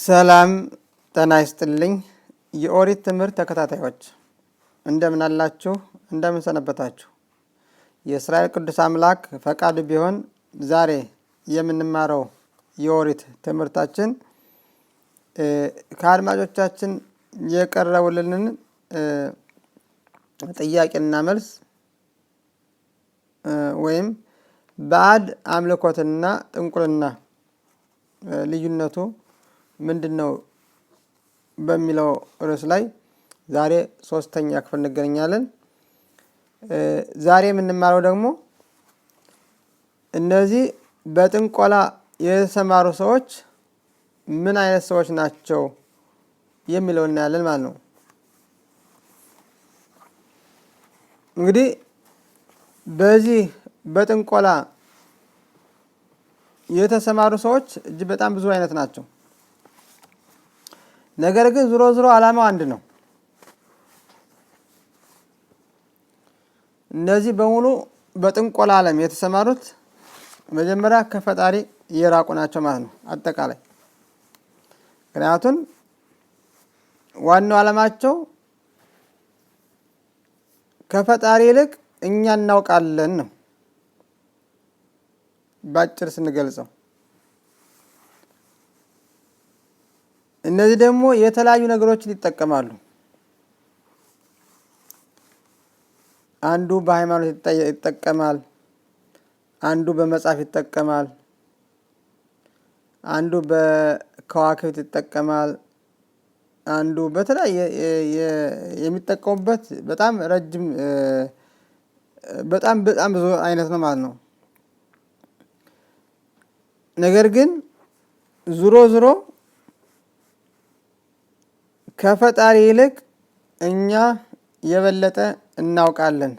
ሰላም ጤና ይስጥልኝ። የኦሪት ትምህርት ተከታታዮች እንደምን አላችሁ? እንደምን ሰነበታችሁ? የእስራኤል ቅዱስ አምላክ ፈቃዱ ቢሆን ዛሬ የምንማረው የኦሪት ትምህርታችን ከአድማጮቻችን የቀረቡልንን ጥያቄና መልስ ወይም ባዕድ አምልኮትና ጥንቁልና ልዩነቱ ምንድን ነው በሚለው ርዕስ ላይ ዛሬ ሶስተኛ ክፍል እንገናኛለን። ዛሬ የምንማረው ደግሞ እነዚህ በጥንቆላ የተሰማሩ ሰዎች ምን አይነት ሰዎች ናቸው የሚለው እናያለን ማለት ነው። እንግዲህ በዚህ በጥንቆላ የተሰማሩ ሰዎች እጅግ በጣም ብዙ አይነት ናቸው። ነገር ግን ዝሮ ዝሮ ዓላማው አንድ ነው። እነዚህ በሙሉ በጥንቆላ ዓለም የተሰማሩት መጀመሪያ ከፈጣሪ የራቁ ናቸው ማለት ነው አጠቃላይ። ምክንያቱም ዋናው ዓላማቸው ከፈጣሪ ይልቅ እኛ እናውቃለን ነው፣ በአጭር ስንገልጸው እነዚህ ደግሞ የተለያዩ ነገሮችን ይጠቀማሉ። አንዱ በሃይማኖት ይጠቀማል፣ አንዱ በመጽሐፍ ይጠቀማል፣ አንዱ በከዋክብት ይጠቀማል፣ አንዱ በተለያየ የሚጠቀሙበት በጣም ረጅም በጣም በጣም ብዙ አይነት ነው ማለት ነው። ነገር ግን ዙሮ ዙሮ ከፈጣሪ ይልቅ እኛ የበለጠ እናውቃለን።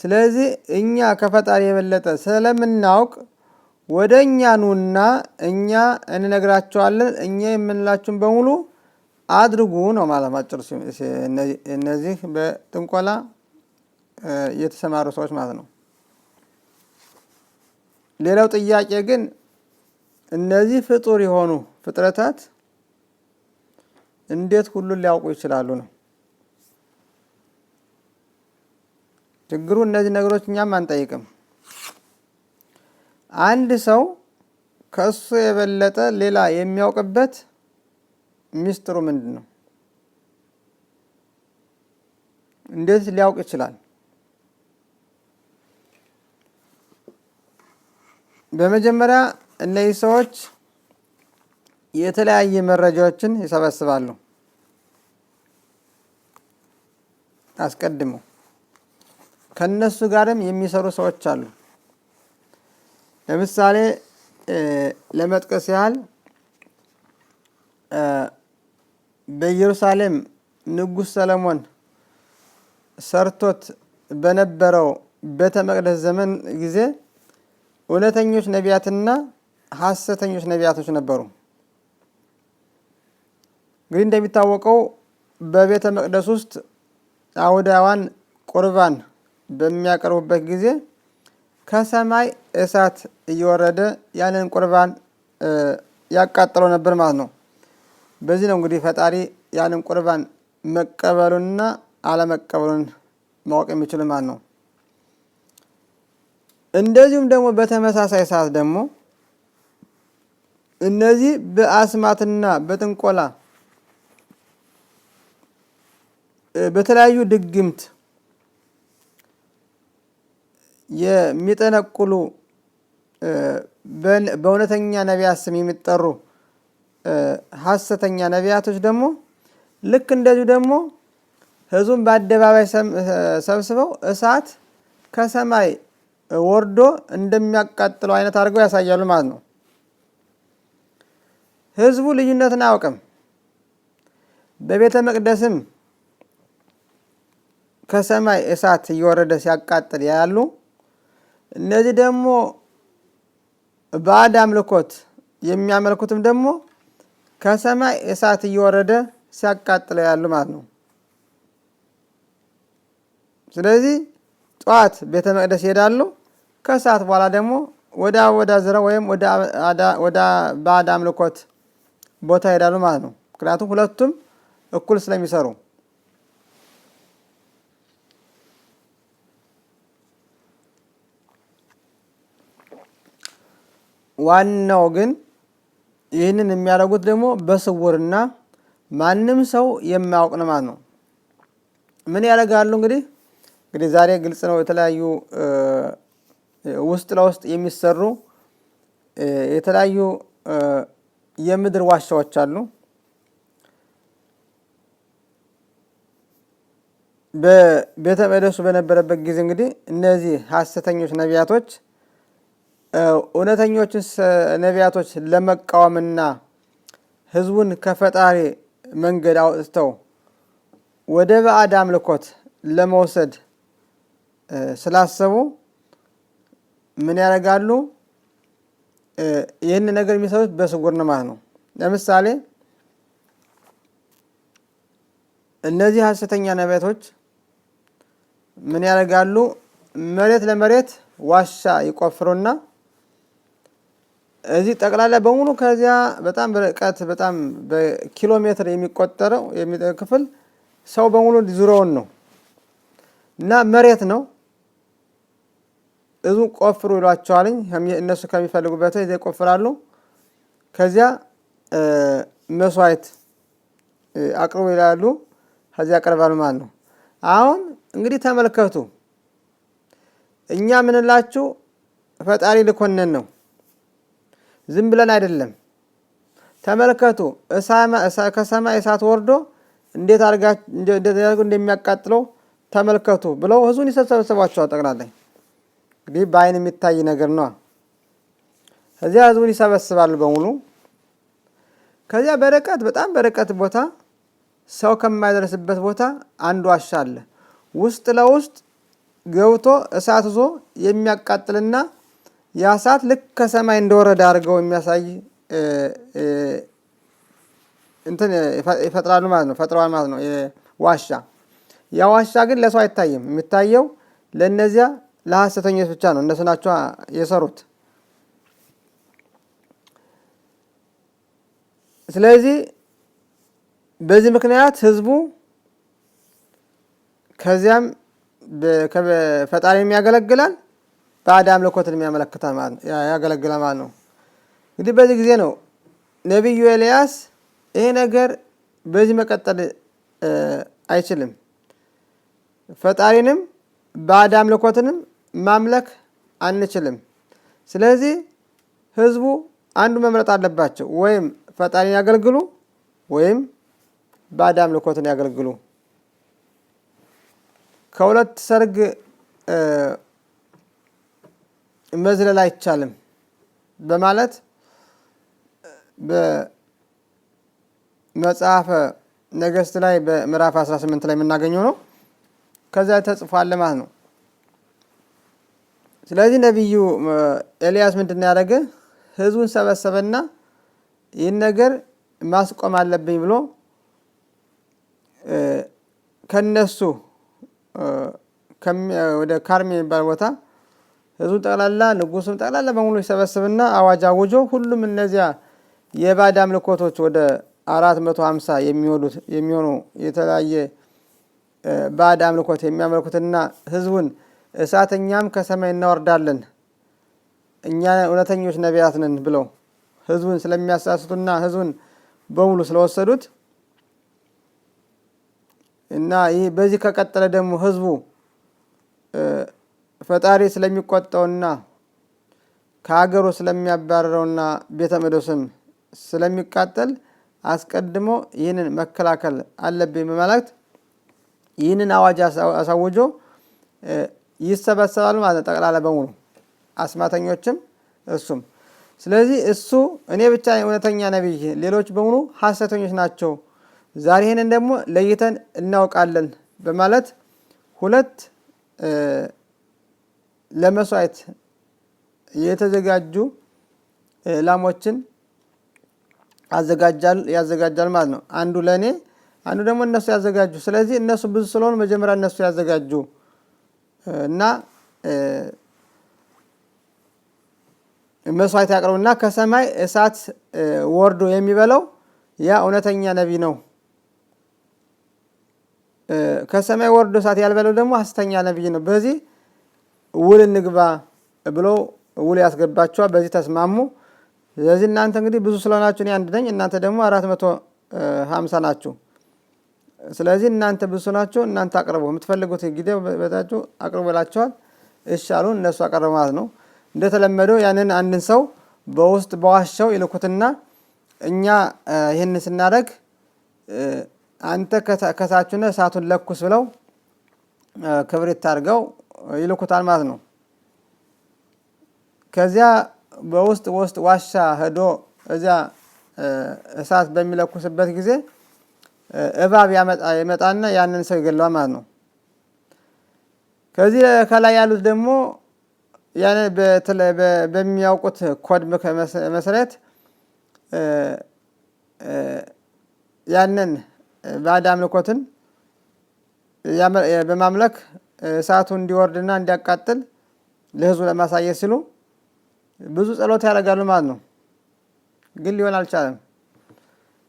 ስለዚህ እኛ ከፈጣሪ የበለጠ ስለምናውቅ ወደ እኛ ኑና እኛ እንነግራቸዋለን። እኛ የምንላችሁን በሙሉ አድርጉ ነው ማለት ማጭር። እነዚህ በጥንቆላ የተሰማሩ ሰዎች ማለት ነው። ሌላው ጥያቄ ግን እነዚህ ፍጡር የሆኑ ፍጥረታት እንዴት ሁሉን ሊያውቁ ይችላሉ ነው ችግሩ። እነዚህ ነገሮች እኛም አንጠይቅም። አንድ ሰው ከእሱ የበለጠ ሌላ የሚያውቅበት ሚስጥሩ ምንድን ነው? እንዴት ሊያውቅ ይችላል? በመጀመሪያ እነዚህ ሰዎች የተለያየ መረጃዎችን ይሰበስባሉ። አስቀድሞ ከነሱ ጋርም የሚሰሩ ሰዎች አሉ። ለምሳሌ ለመጥቀስ ያህል በኢየሩሳሌም ንጉሥ ሰለሞን ሰርቶት በነበረው ቤተ መቅደስ ዘመን ጊዜ እውነተኞች ነቢያትና ሐሰተኞች ነቢያቶች ነበሩ። እንግዲህ እንደሚታወቀው በቤተ መቅደስ ውስጥ አውዳዋን ቁርባን በሚያቀርቡበት ጊዜ ከሰማይ እሳት እየወረደ ያንን ቁርባን ያቃጥለው ነበር ማለት ነው። በዚህ ነው እንግዲህ ፈጣሪ ያንን ቁርባን መቀበሉንና አለመቀበሉን ማወቅ የሚችል ማለት ነው። እንደዚሁም ደግሞ በተመሳሳይ ሰዓት ደግሞ እነዚህ በአስማትና በጥንቆላ በተለያዩ ድግምት የሚጠነቁሉ በእውነተኛ ነቢያት ስም የሚጠሩ ሀሰተኛ ነቢያቶች ደግሞ ልክ እንደዚሁ ደግሞ ህዝቡን በአደባባይ ሰብስበው እሳት ከሰማይ ወርዶ እንደሚያቃጥለው አይነት አድርገው ያሳያሉ ማለት ነው። ህዝቡ ልዩነትን አያውቅም። በቤተ መቅደስም ከሰማይ እሳት እየወረደ ሲያቃጥል ያሉ። እነዚህ ደግሞ ባዕድ አምልኮት የሚያመልኩትም ደግሞ ከሰማይ እሳት እየወረደ ሲያቃጥለው ያሉ ማለት ነው። ስለዚህ ጠዋት ቤተ መቅደስ ይሄዳሉ። ከሰዓት በኋላ ደግሞ ወደ ወደ ዝረ ወይም ወደ ባዕድ አምልኮት ቦታ ይሄዳሉ ማለት ነው። ምክንያቱም ሁለቱም እኩል ስለሚሰሩ ዋናው ግን ይህንን የሚያደርጉት ደግሞ በስውርና ማንም ሰው የማያውቅ ማለት ነው። ምን ያደርጋሉ እንግዲህ እንግዲህ ዛሬ ግልጽ ነው። የተለያዩ ውስጥ ለውስጥ የሚሰሩ የተለያዩ የምድር ዋሻዎች አሉ። በቤተ መቅደሱ በነበረበት ጊዜ እንግዲህ እነዚህ ሐሰተኞች ነቢያቶች እውነተኞችን ነቢያቶች ለመቃወምና ህዝቡን ከፈጣሪ መንገድ አውጥተው ወደ ባዕድ አምልኮት ለመውሰድ ስላሰቡ ምን ያደርጋሉ? ይህን ነገር የሚሰሩት በስጉር ንማት ነው። ለምሳሌ እነዚህ ሐሰተኛ ነቢያቶች ምን ያደርጋሉ? መሬት ለመሬት ዋሻ ይቆፍሩና እዚህ ጠቅላላ በሙሉ ከዚያ በጣም በርቀት በጣም በኪሎ ሜትር የሚቆጠረው ክፍል ሰው በሙሉ ዙሪያውን ነው እና መሬት ነው። እዙ ቆፍሩ ይሏቸዋልኝ እነሱ ከሚፈልጉበት ዚ ይቆፍራሉ። ከዚያ መስዋዕት አቅርቡ ይላሉ። ከዚያ ያቀርባሉ ማለት ነው። አሁን እንግዲህ ተመልከቱ፣ እኛ ምንላችሁ ፈጣሪ ልኮነን ነው ዝም ብለን አይደለም። ተመልከቱ ከሰማይ እሳት ወርዶ እንዴት አድርጎ እንደሚያቃጥለው ተመልከቱ ብለው ህዝቡን ይሰበሰቧቸዋል። ጠቅላላይ እንግዲህ በአይን የሚታይ ነገር ነው። ከዚያ ህዝቡን ይሰበስባሉ በሙሉ። ከዚያ በርቀት በጣም በርቀት ቦታ ሰው ከማይደርስበት ቦታ አንድ ዋሻ አለ። ውስጥ ለውስጥ ገብቶ እሳት ይዞ የሚያቃጥልና ያ እሳት ልክ ከሰማይ እንደወረደ አድርገው የሚያሳይ እንትን ይፈጥራሉ ማለት ነው፣ ፈጥረዋል ማለት ነው። ዋሻ ያ ዋሻ ግን ለሰው አይታይም። የሚታየው ለእነዚያ ለሐሰተኞች ብቻ ነው። እነሱ ናቸው የሰሩት። ስለዚህ በዚህ ምክንያት ህዝቡ ከዚያም ፈጣሪ የሚያገለግላል ባዕድ አምልኮትን የሚያመለክተ ያገለግለ ማለት ነው። እንግዲህ በዚህ ጊዜ ነው ነቢዩ ኤልያስ ይሄ ነገር በዚህ መቀጠል አይችልም፣ ፈጣሪንም ባዕድ አምልኮትንም ማምለክ አንችልም። ስለዚህ ህዝቡ አንዱ መምረጥ አለባቸው። ወይም ፈጣሪን ያገልግሉ ወይም ባዕድ አምልኮትን ያገልግሉ። ከሁለት ሰርግ መዝለል አይቻልም በማለት በመጽሐፈ ነገስት ላይ በምዕራፍ 18 ላይ የምናገኘው ነው። ከዚያ ተጽፏል ማለት ነው። ስለዚህ ነቢዩ ኤልያስ ምንድን ያደረገ ህዝቡን ሰበሰበና ይህን ነገር ማስቆም አለብኝ ብሎ ከነሱ ወደ ካርሚ የሚባል ቦታ ህዝቡ ጠቅላላ ንጉሱም ጠቅላላ በሙሉ ይሰበስብና አዋጅ አውጆ ሁሉም እነዚያ የባዕድ አምልኮቶች ወደ አራት መቶ ሀምሳ የሚሆኑት የሚሆኑ የተለያየ ባዕድ አምልኮት የሚያመልኩትና ህዝቡን እሳተኛም ከሰማይ እናወርዳለን እኛ እውነተኞች ነቢያት ነን ብለው ህዝቡን ስለሚያሳስቱና ህዝቡን በሙሉ ስለወሰዱት እና ይህ በዚህ ከቀጠለ ደግሞ ህዝቡ ፈጣሪ ስለሚቆጣውና ከሀገሩ ስለሚያባረረውና ቤተ መቅደሱም ስለሚቃጠል አስቀድሞ ይህንን መከላከል አለብኝ በማለት ይህንን አዋጅ አሳውጆ ይሰበሰባሉ ማለት ነው። ጠቅላላ በሙሉ አስማተኞችም እሱም። ስለዚህ እሱ እኔ ብቻ እውነተኛ ነቢይ፣ ሌሎች በሙሉ ሀሰተኞች ናቸው። ዛሬ ይህንን ደግሞ ለይተን እናውቃለን በማለት ሁለት ለመስዋዕት የተዘጋጁ ላሞችን ያዘጋጃል ማለት ነው። አንዱ ለእኔ አንዱ ደግሞ እነሱ ያዘጋጁ። ስለዚህ እነሱ ብዙ ስለሆኑ መጀመሪያ እነሱ ያዘጋጁ እና መስዋዕት እና ከሰማይ እሳት ወርዶ የሚበላው ያ እውነተኛ ነቢ ነው። ከሰማይ ወርዶ እሳት ያልበለው ደግሞ ሐሰተኛ ነቢይ ነው። በዚህ ውል እንግባ ብሎ ውል ያስገባቸዋል። በዚህ ተስማሙ። ስለዚህ እናንተ እንግዲህ ብዙ ስለሆናችሁ እኔ አንድ ነኝ፣ እናንተ ደግሞ አራት መቶ ሀምሳ ናችሁ። ስለዚህ እናንተ ብዙ ስለሆናችሁ እናንተ አቅርቡ፣ የምትፈልጉት ጊዜ በታችሁ አቅርቡ ይላቸዋል። እሺ አሉ። እነሱ አቀረቡ ማለት ነው። እንደተለመደው ያንን አንድን ሰው በውስጥ በዋሻው ይልኩትና እኛ ይህን ስናደርግ አንተ ከታችነ እሳቱን ለኩስ ብለው ክብሪት አድርገው ይልኩታል ማለት ነው። ከዚያ በውስጥ ውስጥ ዋሻ ሄዶ እዚያ እሳት በሚለኩስበት ጊዜ እባብ ይመጣና ያንን ሰው ይገለዋል ማለት ነው። ከዚህ ከላይ ያሉት ደግሞ በሚያውቁት ኮድ መሰረት ያንን ባዕድ አምልኮትን በማምለክ እሳቱ እንዲወርድና እንዲያቃጥል ለህዝቡ ለማሳየት ሲሉ ብዙ ጸሎት ያደርጋሉ ማለት ነው። ግን ሊሆን አልቻለም።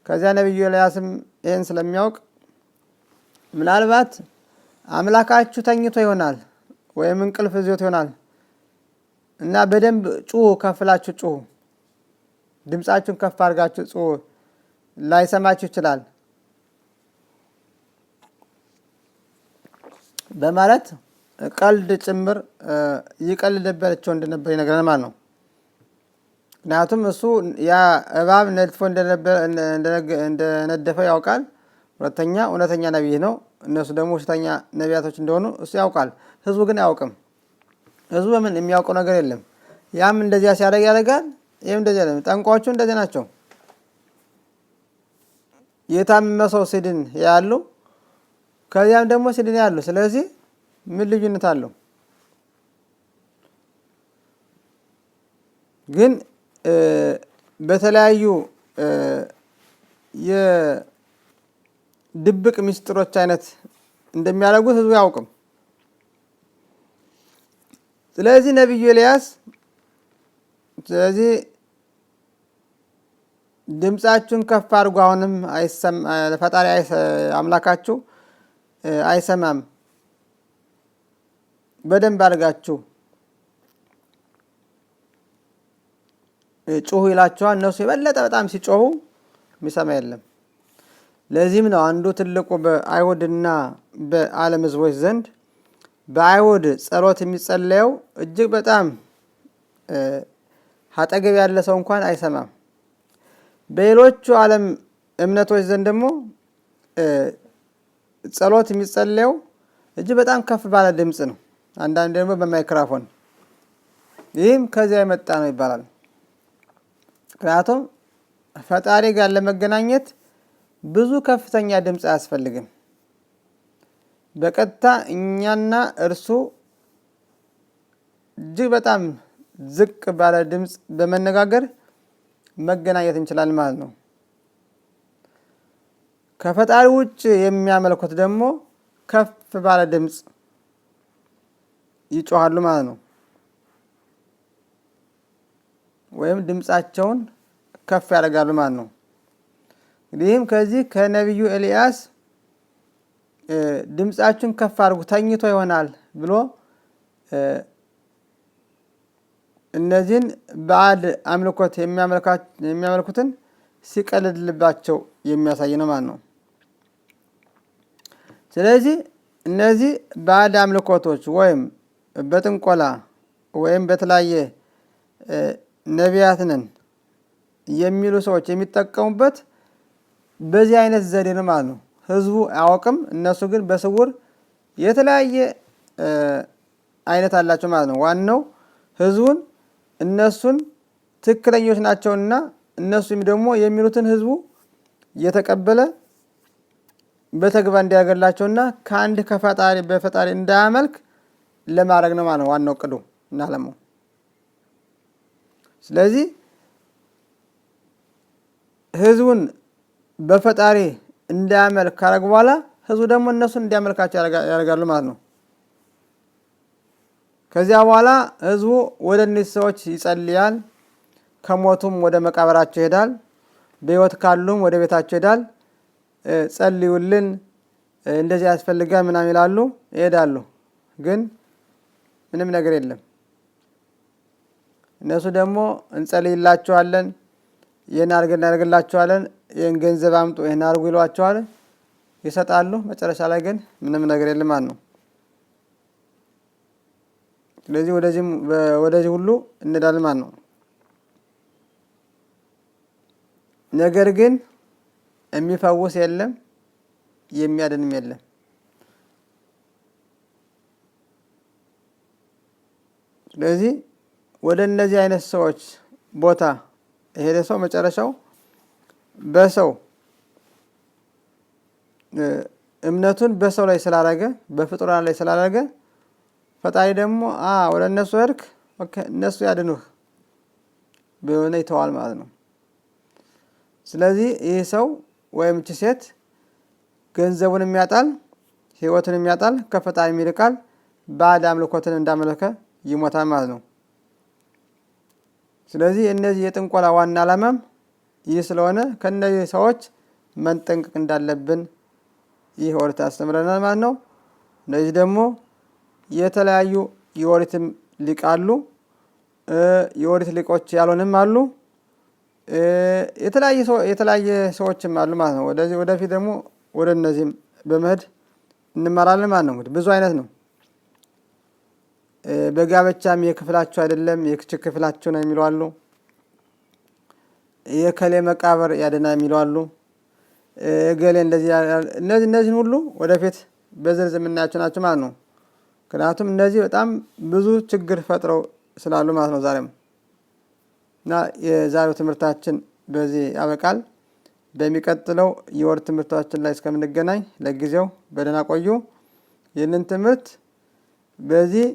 ከዚያ ነቢዩ ኤልያስም ይህን ስለሚያውቅ ምናልባት አምላካችሁ ተኝቶ ይሆናል ወይም እንቅልፍ እዚዮት ይሆናል እና በደንብ ጩሁ፣ ከፍላችሁ ጩሁ፣ ድምፃችሁን ከፍ አድርጋችሁ ጩሁ፣ ላይሰማችሁ ይችላል በማለት ቀልድ ጭምር ይቀልድባቸው እንደነበር ይነግረን ማለት ነው። ምክንያቱም እሱ ያ እባብ ነድፎ እንደነደፈው ያውቃል። ሁለተኛ እውነተኛ ነቢይ ነው። እነሱ ደግሞ ውሸተኛ ነቢያቶች እንደሆኑ እሱ ያውቃል። ህዝቡ ግን አያውቅም። ህዝቡ በምን የሚያውቀው ነገር የለም። ያም እንደዚያ ሲያደርግ ያደርጋል። ይህም እንደዚያ ያደርግ። ጠንቋዎቹ እንደዚህ ናቸው። የታመመ ሰው ሲድን ያሉ ከዚያም ደግሞ ሲድኒ አለው። ስለዚህ ምን ልዩነት አለው? ግን በተለያዩ የድብቅ ምስጢሮች አይነት እንደሚያደርጉት ህዝቡ አያውቅም። ስለዚህ ነቢዩ ኤልያስ ስለዚህ ድምፃችሁን ከፍ አድርጎ አሁንም ፈጣሪ አምላካችሁ አይሰማም። በደንብ አድርጋችሁ ጩሁ ይላችኋል። እነሱ የበለጠ በጣም ሲጮሁ የሚሰማ የለም። ለዚህም ነው አንዱ ትልቁ በአይሁድና በዓለም ሕዝቦች ዘንድ በአይሁድ ጸሎት የሚጸለየው እጅግ በጣም አጠገብ ያለ ሰው እንኳን አይሰማም። በሌሎቹ ዓለም እምነቶች ዘንድ ደግሞ ጸሎት የሚጸለየው እጅ በጣም ከፍ ባለ ድምፅ ነው። አንዳንድ ደግሞ በማይክራፎን ይህም ከዚያ የመጣ ነው ይባላል። ምክንያቱም ፈጣሪ ጋር ለመገናኘት ብዙ ከፍተኛ ድምፅ አያስፈልግም። በቀጥታ እኛና እርሱ እጅግ በጣም ዝቅ ባለ ድምፅ በመነጋገር መገናኘት እንችላለን ማለት ነው። ከፈጣሪ ውጭ የሚያመልኩት ደግሞ ከፍ ባለ ድምፅ ይጮሃሉ ማለት ነው። ወይም ድምፃቸውን ከፍ ያደርጋሉ ማለት ነው። እንግዲህም ከዚህ ከነቢዩ ኤልያስ ድምፃችሁን ከፍ አድርጉ ተኝቶ ይሆናል ብሎ እነዚህን በዓል አምልኮት የሚያመልኩትን ሲቀልድልባቸው የሚያሳይ ነው ማለት ነው። ስለዚህ እነዚህ ባዕድ አምልኮቶች ወይም በጥንቆላ ወይም በተለያየ ነቢያት ነን የሚሉ ሰዎች የሚጠቀሙበት በዚህ አይነት ዘዴ ነው ማለት ነው። ህዝቡ አያውቅም። እነሱ ግን በስውር የተለያየ አይነት አላቸው ማለት ነው። ዋናው ህዝቡን እነሱን ትክክለኞች ናቸውና እነሱም ደግሞ የሚሉትን ህዝቡ እየተቀበለ በተግባር እንዲያገላቸውና ከአንድ ከፈጣሪ በፈጣሪ እንዳያመልክ ለማድረግ ነው ማለት ነው ዋናው ቅዱ እና ስለዚህ ህዝቡን በፈጣሪ እንዳያመልክ ካረግ በኋላ ህዝቡ ደግሞ እነሱን እንዲያመልካቸው ያደርጋሉ ማለት ነው። ከዚያ በኋላ ህዝቡ ወደ እነዚህ ሰዎች ይጸልያል። ከሞቱም ወደ መቃብራቸው ይሄዳል። በህይወት ካሉም ወደ ቤታቸው ይሄዳል። ጸልዩልን እንደዚህ ያስፈልጋል ምናምን ይላሉ፣ ይሄዳሉ። ግን ምንም ነገር የለም። እነሱ ደግሞ እንጸልይላችኋለን፣ ይህን አርግ እናደርግላችኋለን፣ ይህን ገንዘብ አምጡ፣ ይህን አርጉ ይሏችኋል፣ ይሰጣሉ። መጨረሻ ላይ ግን ምንም ነገር የለም ማለት ነው። ስለዚህ ወደዚህ ሁሉ እንሄዳለን ነው። ነገር ግን የሚፈውስ የለም፣ የሚያድንም የለም። ስለዚህ ወደ እነዚህ አይነት ሰዎች ቦታ የሄደ ሰው መጨረሻው በሰው እምነቱን በሰው ላይ ስላረገ በፍጡራን ላይ ስላረገ ፈጣሪ ደግሞ ወደ እነሱ እርክ እነሱ ያድኑህ በሆነ ይተዋል ማለት ነው። ስለዚህ ይህ ሰው ወይም እቺ ሴት ገንዘቡን የሚያጣል ህይወቱንም ያጣል፣ ከፈጣሪም ይርቃል፣ ባዕድ አምልኮትን እንዳመለከ ይሞታል ማለት ነው። ስለዚህ እነዚህ የጥንቆላ ዋና ዓላማም ይህ ስለሆነ ከእነዚህ ሰዎች መንጠንቀቅ እንዳለብን ይህ ኦሪት አስተምረናል ማለት ነው። እነዚህ ደግሞ የተለያዩ የኦሪትም ሊቃሉ የኦሪት ሊቆች ያልሆንም አሉ። የተለያየ ሰዎችም አሉ ማለት ነው። ወደዚህ ወደፊት ደግሞ ወደ እነዚህም በመሄድ እንመራለን ማለት ነው። እንግዲህ ብዙ አይነት ነው። በጋብቻም የክፍላቸው አይደለም የክች ክፍላቸው ነው የሚሉ አሉ። የከሌ መቃብር ያደና የሚሉ አሉ። እገሌ እንደዚህ እነዚህ እነዚህን ሁሉ ወደፊት በዝርዝር የምናያቸው ናቸው ማለት ነው። ምክንያቱም እነዚህ በጣም ብዙ ችግር ፈጥረው ስላሉ ማለት ነው ዛሬም እና የዛሬው ትምህርታችን በዚህ ያበቃል። በሚቀጥለው የወር ትምህርታችን ላይ እስከምንገናኝ ለጊዜው በደህና ቆዩ። ይህንን ትምህርት በዚህ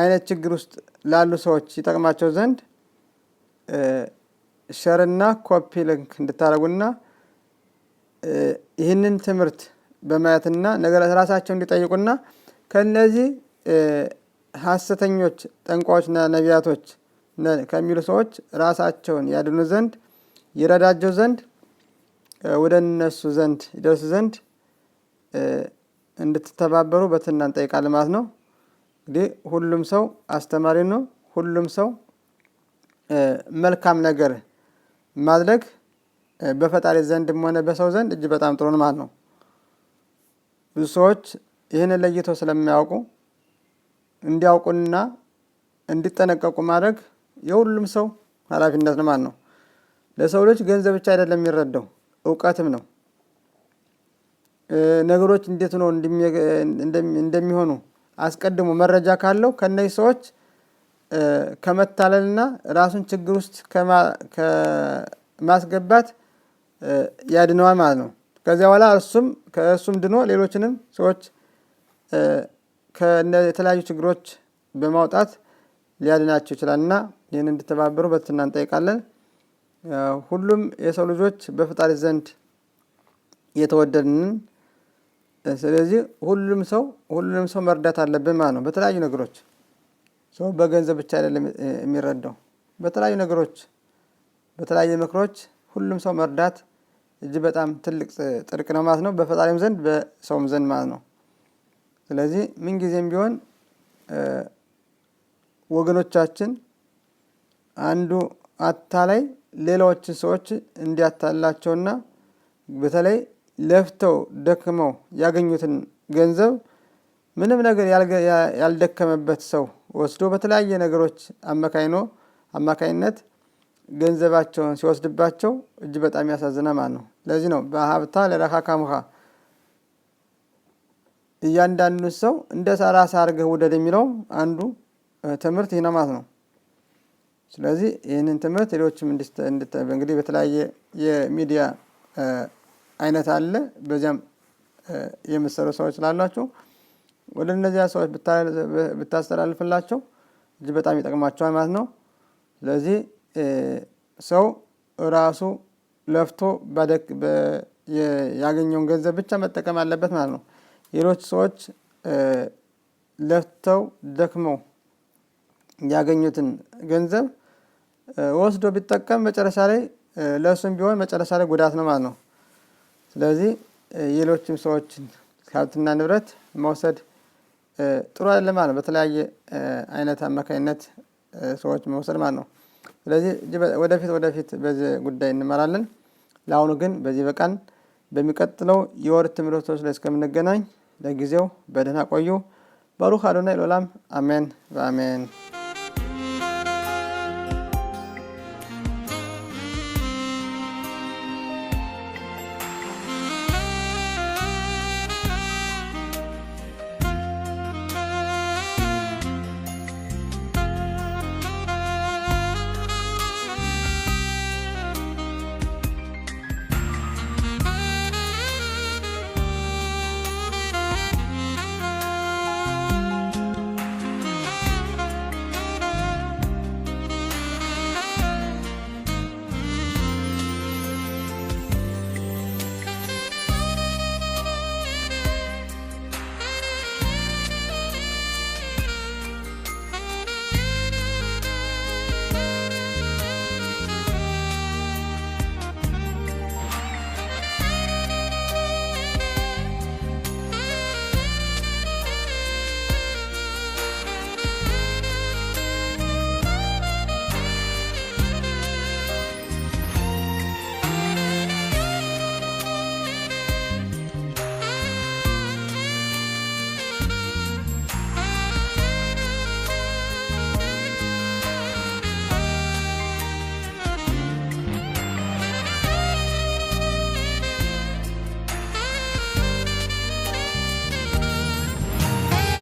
አይነት ችግር ውስጥ ላሉ ሰዎች ይጠቅማቸው ዘንድ ሸርና ኮፒ ልንክ እንድታደርጉና ይህንን ትምህርት በማየትና ነገር ራሳቸው እንዲጠይቁና ከነዚህ ሀሰተኞች ጠንቋዎችና ነቢያቶች ከሚሉ ሰዎች ራሳቸውን ያድኑ ዘንድ ይረዳቸው ዘንድ ወደ እነሱ ዘንድ ይደርስ ዘንድ እንድትተባበሩ በትና እንጠይቃለን ማለት ነው። እንግዲህ ሁሉም ሰው አስተማሪ ነው። ሁሉም ሰው መልካም ነገር ማድረግ በፈጣሪ ዘንድም ሆነ በሰው ዘንድ እጅ በጣም ጥሩ ማለት ነው። ብዙ ሰዎች ይህንን ለይቶ ስለሚያውቁ እንዲያውቁና እንዲጠነቀቁ ማድረግ የሁሉም ሰው ኃላፊነት ነው ነው። ለሰው ልጅ ገንዘብ ብቻ አይደለም የሚረዳው እውቀትም ነው። ነገሮች እንዴት ነው እንደሚሆኑ አስቀድሞ መረጃ ካለው ከእነዚህ ሰዎች ከመታለልና ራሱን ችግር ውስጥ ከማስገባት ያድነዋል ማለት ነው። ከዚያ በኋላ እሱም ከእሱም ድኖ ሌሎችንም ሰዎች የተለያዩ ችግሮች በማውጣት ሊያድናቸው ይችላልና ይህን እንድተባበሩ በትህትና እንጠይቃለን። ሁሉም የሰው ልጆች በፈጣሪ ዘንድ የተወደድንን ስለዚህ ሁሉም ሰው ሁሉንም ሰው መርዳት አለብን ማለት ነው። በተለያዩ ነገሮች ሰው በገንዘብ ብቻ አይደለም የሚረዳው፣ በተለያዩ ነገሮች፣ በተለያየ ምክሮች ሁሉም ሰው መርዳት እጅግ በጣም ትልቅ ጥርቅ ነው ማለት ነው፣ በፈጣሪም ዘንድ በሰውም ዘንድ ማለት ነው። ስለዚህ ምንጊዜም ቢሆን ወገኖቻችን አንዱ አታላይ ሌላዎችን ሰዎች እንዲያታላቸውና በተለይ ለፍተው ደክመው ያገኙትን ገንዘብ ምንም ነገር ያልደከመበት ሰው ወስዶ በተለያየ ነገሮች አመካኝኖ አማካኝነት ገንዘባቸውን ሲወስድባቸው እጅ በጣም ያሳዝነ ማለት ነው። ለዚህ ነው በሀብታ ለረካ ካሙካ እያንዳንዱ ሰው እንደ ራስህ አድርገህ ውደድ የሚለው አንዱ ትምህርት ይህን ማለት ነው። ስለዚህ ይህንን ትምህርት ሌሎችም እንግዲህ በተለያየ የሚዲያ አይነት አለ። በዚያም የምትሰሩ ሰዎች ስላላችሁ ወደ እነዚያ ሰዎች ብታስተላልፍላቸው እጅግ በጣም ይጠቅማቸዋል ማለት ነው። ስለዚህ ሰው ራሱ ለፍቶ ያገኘውን ገንዘብ ብቻ መጠቀም አለበት ማለት ነው። ሌሎች ሰዎች ለፍተው ደክመው ያገኙትን ገንዘብ ወስዶ ቢጠቀም መጨረሻ ላይ ለእሱም ቢሆን መጨረሻ ላይ ጉዳት ነው ማለት ነው። ስለዚህ የሌሎችም ሰዎችን ሀብትና ንብረት መውሰድ ጥሩ አይደለም ማለት ነው። በተለያየ አይነት አማካኝነት ሰዎች መውሰድ ማለት ነው። ስለዚህ ወደፊት ወደፊት በዚህ ጉዳይ እንመራለን። ለአሁኑ ግን በዚህ በቃን። በሚቀጥለው የወር ትምህርቶች ላይ እስከምንገናኝ ለጊዜው በደህና ቆዩ። ባሩክ አዶናይ ሎላም አሜን በአሜን